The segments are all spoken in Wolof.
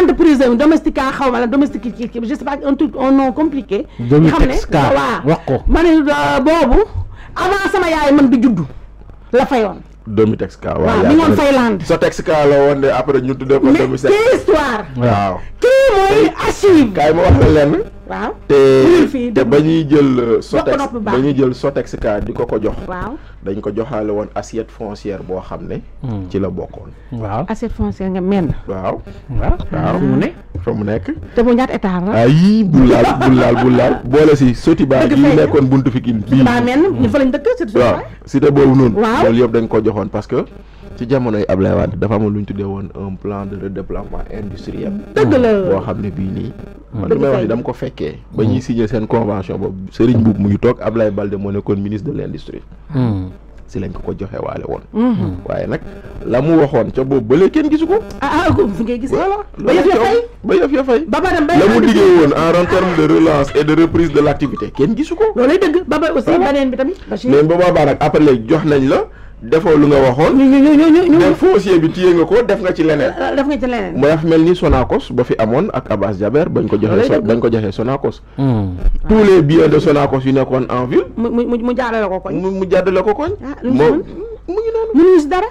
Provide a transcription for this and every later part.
entreprise am xaw ma la domestique kii pas un truc un nom compliqué. xam ne wax ko ma euh, boobu avant sama yaay man di juddu la fayoon. Domitexa waaw waaw mi ngoon Finlande. Sotexka la woon de après ñu tuddee ko. Domitexa mais quelle histoire. waaw kii mooy archive. kaay ma wax la lenn. waaw te te ba ñuy jël sotex ba jël di kokojoh ko jox waaw dañ ko joxaale woon assiette foncière boo xam ne hmm. ci la bokkoon waaw assiette foncière nga menn bulal bulal bulal mu si soti baa buntu fikin bii baa menn ñu fa lañ dëkk waaw si te boobu dafa un plan de industriel la man li may wax ni dama ko fekkee. ba ñuy mm. signé seen convention boobu Serigne Mboup mu ngi toog Ablaye Balde moo nekkoon ministre de l' industrie. Mm. si lañ ko ko joxe waale woon. Mm. waaye nag la mu waxoon ca boobu ba kenn gisu ko. ah ah fi ngay gisee. voilà ba yëf ya fay ba yëf la mu liggéey woon en terme de relance et de reprise de l' kenn gisu ko. loolay dëgg babay aussi beneen bi après léegi jox nañ la. defoo lu nga waxoon. ñu ñu ñu ñu ñu foncier bi téye nga ko def nga ci leneen. Euh, def nga ci leneen. mu daf mel ni Sonacos ba fi amoon ak Abbas Jaber bañ ko joxee. bañ ko joxee Sonacos. Hmm. Ah. tous les biens de Sonacos yu nekkoon en ville. mu mu mu jaadale ko koñ. mu mu jaadale ko koñ. ah lu mu ngi noonu mu ngi dara.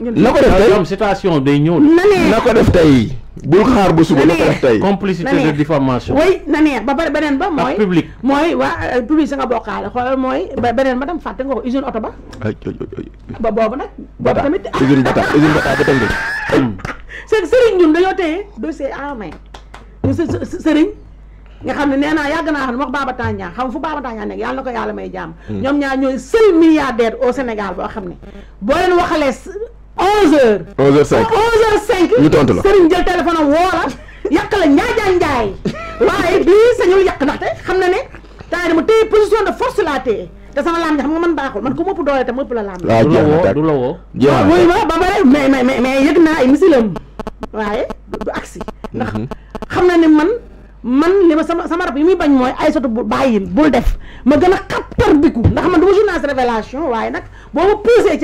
na ko def tey ñoom citation day ñëw. na bul xaar ba suba na ko def tey. complicité de diffamation. oui na neex ba pare beneen ba. mooy public mooy waa euh, public sa nga bokkaale xoolal mooy beneen ba tam fàtte nga ko usine oto ba. boobu nag. boobu tamit usine bata usine bata ba tënkee. së sëriñ ñun dañoo téye dossier en main nga xam ne nee naa yàgg naa xam ne wax Baba Tandian xam fu Baba Tandian nekk yàlla na ko yàlla may jàmm. Hmm. ñoom ñaar ñooy seul milliardaire au Sénégal boo xam ne boo leen onze heures onze heures cinq onze heures cinq ñu tontu la sëriñ jël téléphone woo la yàq la njaajaan waaye bii sañul yàq ndaxte xam na ne temps dama téye position de force laa téye te sama laam xam nga man baaxul man ko mëpp doole te mëpp la laam ah, waaw du la woo du la woo wuy ma ba pare mais mais mais yëg naa ay misilam waaye du agsi ndax mhm. xam na ni man man li ma sama sama rab yi muy bañ mooy ay sotu bàyyil bul def ma gën a xattar biku ndax man du ma journaliste révélation waaye nag boo ma poussé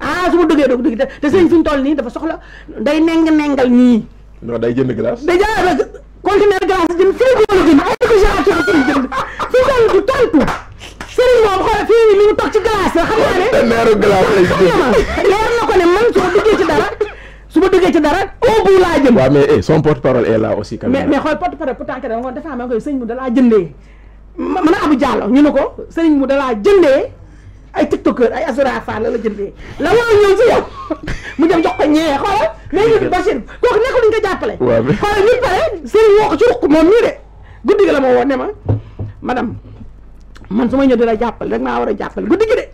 ah su ma duggee doog dugg te sëñ fi toll nii dafa soxla day neng-nengal ñii. non day jënd glace. day jënd conteneur glace jënd fii ko jënd ay fii jënd fi mu toll nii sëriñ moom xool fii mi ngi toog ci glace xam ne. conteneur glace ko ne man su ma duggee ci dara. su ma duggee ci dara au laa jëm. waaw mais eh, son porte parole est là aussi. quand mais mais xool porte parole pourtant que da nga ko defaa ma koy sëñ mu dalaa jëndee. ma a Abou Diallo ñu ne ko sëriñ mu dalaa jëndee. ay tiktokeur ay Azura Fall la la jëndee la war a ñëw si yow mu dem jox ko ñee xoolal léegi Bachir nekkul ñu ko jàppale. waaw mais xoolal ñu pare Serigne woo ko ci moom nii de guddi gi la moo woo ne ma madame man su ma ñëw di la jàppale rek maa war a jàppale guddi gi de.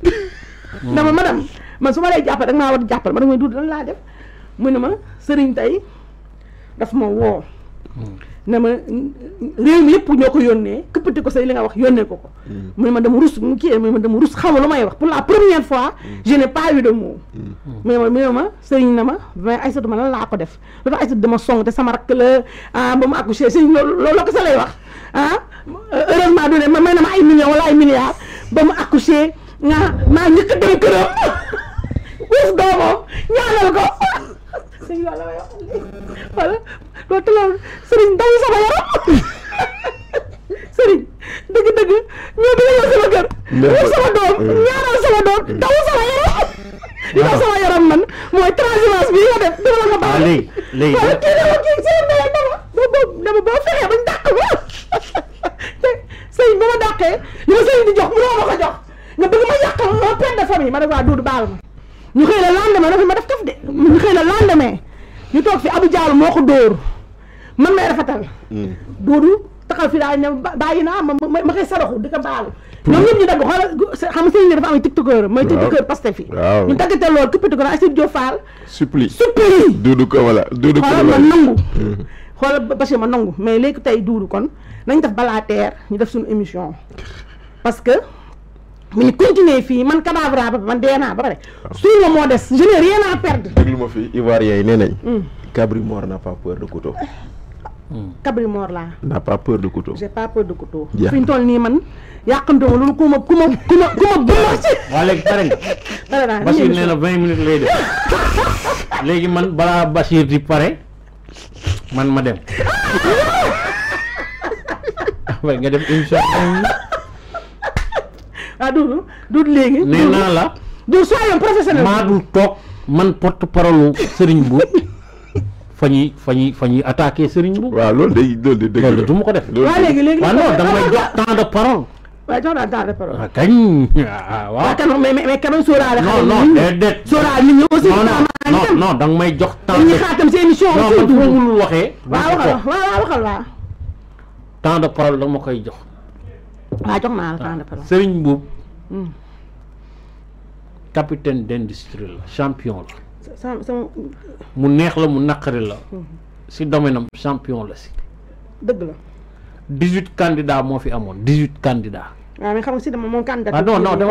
Hmm. dama madame man su ma lay jàppale rek maa war a jàppale ma ne ma duud lan laa def mu ne ma Serigne tey daf ma woo. na ma réew mi yëpp ñoo ko yónnee këppati ko say li nga wax yónnee ko ko. Mm. mu ne ma dama rus mu kii mu ne ma dama rus xaw lu may wax pour la première fois. Mm. je n'ai pas eu de mot. Mm. mu ne ma sëriñ na ma mais Aïssatou ma lan laa ko dama song te sama rakk la ah ba ah, may na ma ay millions wala ay milliards ba mu accouché nga maa njëkk a dem këram wis doomam ñaanal ko sëriñ loolu la may wax gue telah sering tahu sama ya sering deg-deg nyobain sama kan nyobain sama dom nyaran sama dong tahu sama ya Ikaw sama yaran man mooy transhumance bi nga def dama la ko baax léegi léegi waaw kii dama kii si ma dama boobu dama boo fexee bañ dàq ma sëñ ba ma dàqee li ma sëñ di jox mënoo ma ko jox nga bëgg ma yàqal ma père de famille ma ne waa duudu baal ma ñu xëy la lendemain dafa ma def kaf de ñu xëy la lendemain ñu toog fi Abu Jaal moo ko man may rafetal hmm. duudu takal fi daal ne bàyyi ma kay saraxu di bal baal ñoom ñëpp ñu dagg xoolal xam seen ni dafa am tiktoker mooy tiktoker paste fi ñu daggate loolu këppati ko naa Assib Diop supli. Supli dudu ko wala duudu ko wala ma nangu xoolal Bachir ma nangu mais léegi tay duudu kon nañ def bala terre ñu def sun émission parce que mu ngi continuer à man cadavre ba man dee ba pare suur ma moo des je n'ai rien à perdre déglu ma fii Ivoirien yi nee nañ hmm. cabri mort n'a pas peur de couteau Hmm. mor la n'a pas peur de couteau j'ai pas peur de couteau ya. fi ñu toll nii man yàqantuma loolu ku ma kuma ma kuma ma ma ci waa léegi pare nga pare 20 minutes lay def léegi man bala basir di paré man ma dem après nga dem inshallah adu du duudu léegi la du soyon professionnel ma du tok man porte parole Serigne bou fa ñuy fa ñuy fa ñuy attaqué Serigne Mboup. waaw loolu day loolu day dëgg la du ma ko def. waaw léegi léegi waaw non da nga may jox temps de parole. waaw jox naa temps de parole. Ah, ah, waaw kañ. Ah, waaw waaw kan mais mais quand même may jox temps de. ñu xaatam si émission bi surtout non man temps de parole da ma koy jox. waaw jox naa la temps de parole. Serigne Mboup. Hmm. capitaine d'industrie la champion la. sama mu neex la mu naqari la. si domaine am champion la si. dëgg la. dix huit candidats moo fi amoon dix huit candidats. waaw mais xam nga si dama moom candidat. Ah, non non dama.